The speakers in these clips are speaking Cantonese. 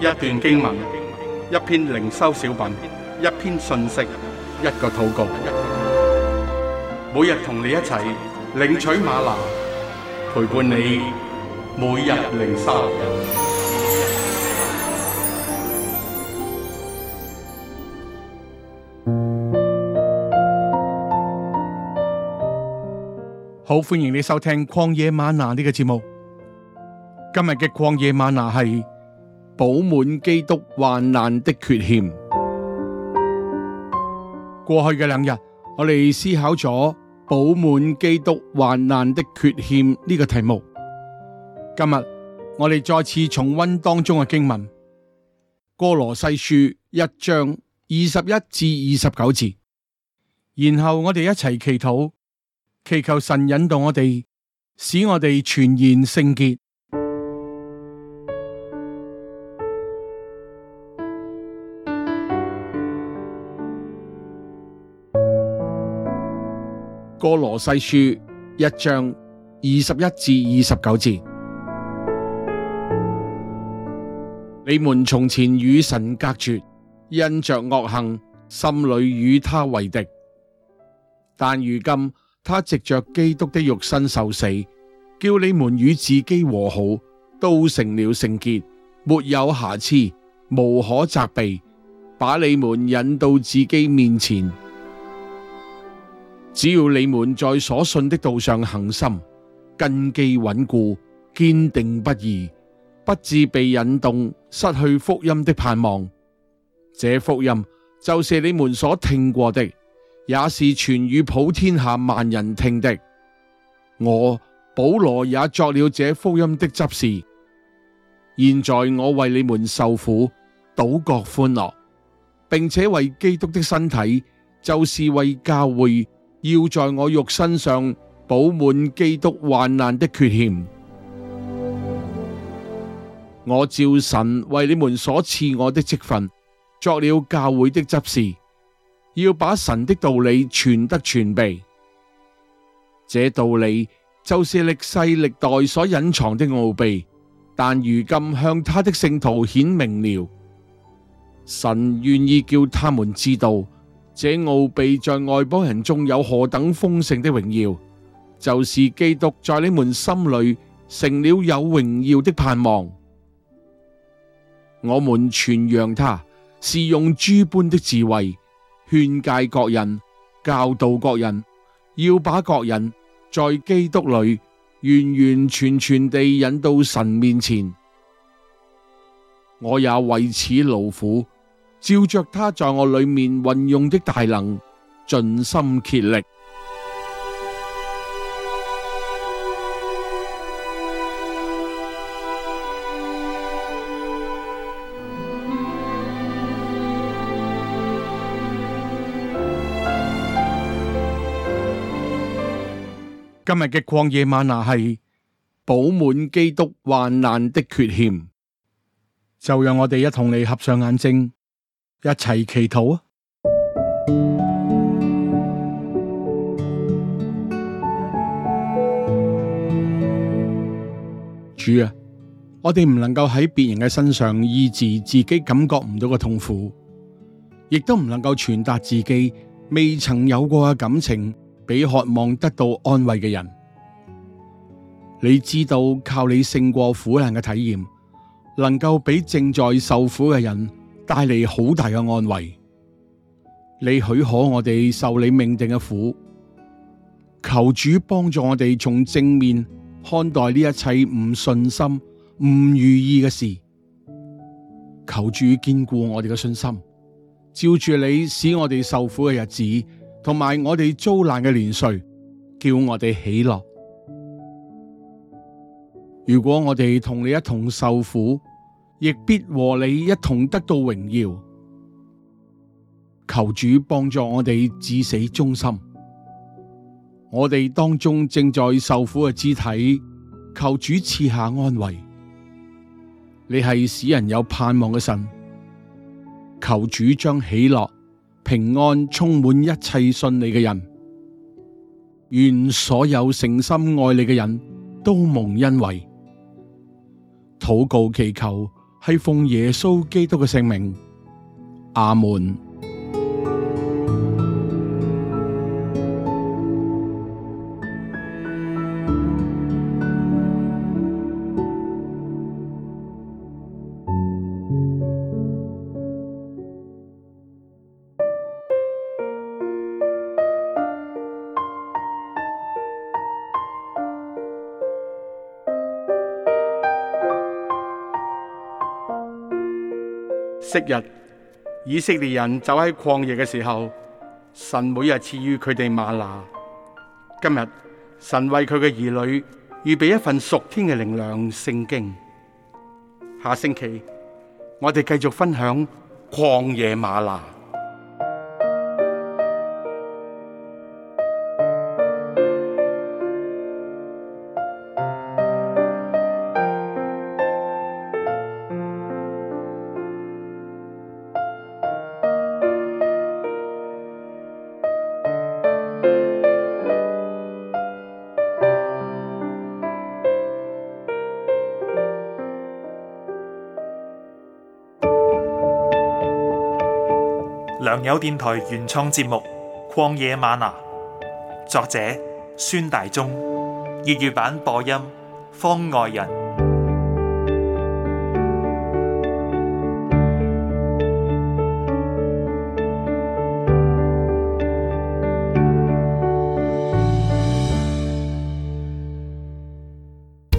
一段經文，一篇靈修小品，一篇信息，一個禱告。每日同你一齊領取嗎哪，陪伴你每日靈修。好，歡迎你收聽《曠野嗎哪》呢個節目。今日嘅《曠野嗎哪》係，補滿基督患難的缺欠。過去嘅兩日，我哋思考咗「補滿基督患難的缺欠」呢個題目。今日我哋再次重溫當中嘅經文《歌羅西書》一章二十一至二十九節。然後我哋一齊祈禱，祈求神引導我哋，使我哋全然聖潔。《歌羅西書》一章二十一至二十九節：你們從前與神隔絕，因着惡行，心裏與他為敵；但如今他藉着基督的肉身受死，叫你們與自己和好，都成了聖潔，沒有瑕疵，無可責備，把你們引到自己面前。只要你們在所信的道上恒心，根基穩固，堅定不移，不致被引動，失去福音的盼望。這福音就是你們所聽過的，也是傳與普天下萬人聽的。我保羅也作了這福音的執事。現在我為你們受苦，倒覺歡樂，並且為基督的身體，就是為教會。要在我肉身上補滿基督患難的缺欠。我照神為你們所賜我的職分，作了教會的執事，要把神的道理傳得全備。這道理就是歷世歷代所隱藏的奧秘，但如今向他的聖徒顯明了。神願意叫他們知道。這奧秘在外邦人中有何等豐盛的榮耀，就是基督在你們心裏成了有榮耀的盼望。我們傳揚他，是用諸般的智慧勸戒各人、教導各人，要把各人在基督裏完完全全地引到神面前。我也為此勞苦。照着他在我裏面運用的大能，盡心竭力。今日嘅曠野嗎哪係，補滿基督患難的缺欠，就讓我哋一同你合上眼睛。一齊祈禱啊！主啊，我哋唔能夠喺別人嘅身上醫治自己感覺唔到嘅痛苦，亦都唔能夠傳達自己未曾有過嘅感情俾渴望得到安慰嘅人。你知道靠你勝過苦難嘅體驗，能夠俾正在受苦嘅人。帶嚟好大嘅安慰。你許可我哋受你命定嘅苦，求主幫助我哋從正面看待呢一切唔信心、唔如意嘅事，求主堅固我哋嘅信心，照住你使我哋受苦嘅日子，同埋我哋遭難嘅年歲，叫我哋喜樂。如果我哋同你一同受苦，亦必和你一同得到榮耀。求主幫助我哋至死忠心。我哋當中正在受苦嘅肢體，求主賜下安慰。你係使人有盼望嘅神。求主將喜樂、平安充滿一切信你嘅人。願所有誠心愛你嘅人都蒙恩惠。禱告祈求。係奉耶穌基督嘅聖名，阿門。昔日以色列人走喺曠野嘅時候，神每日賜予佢哋嗎哪。今日神為佢嘅兒女預備一份屬天嘅靈糧聖經。下星期我哋繼續分享曠野嗎哪。良友電台原創節目《曠野嗎哪》，作者孫大中，粵語版播音方外人，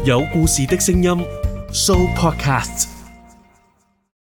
有故事的聲音，Show Podcast。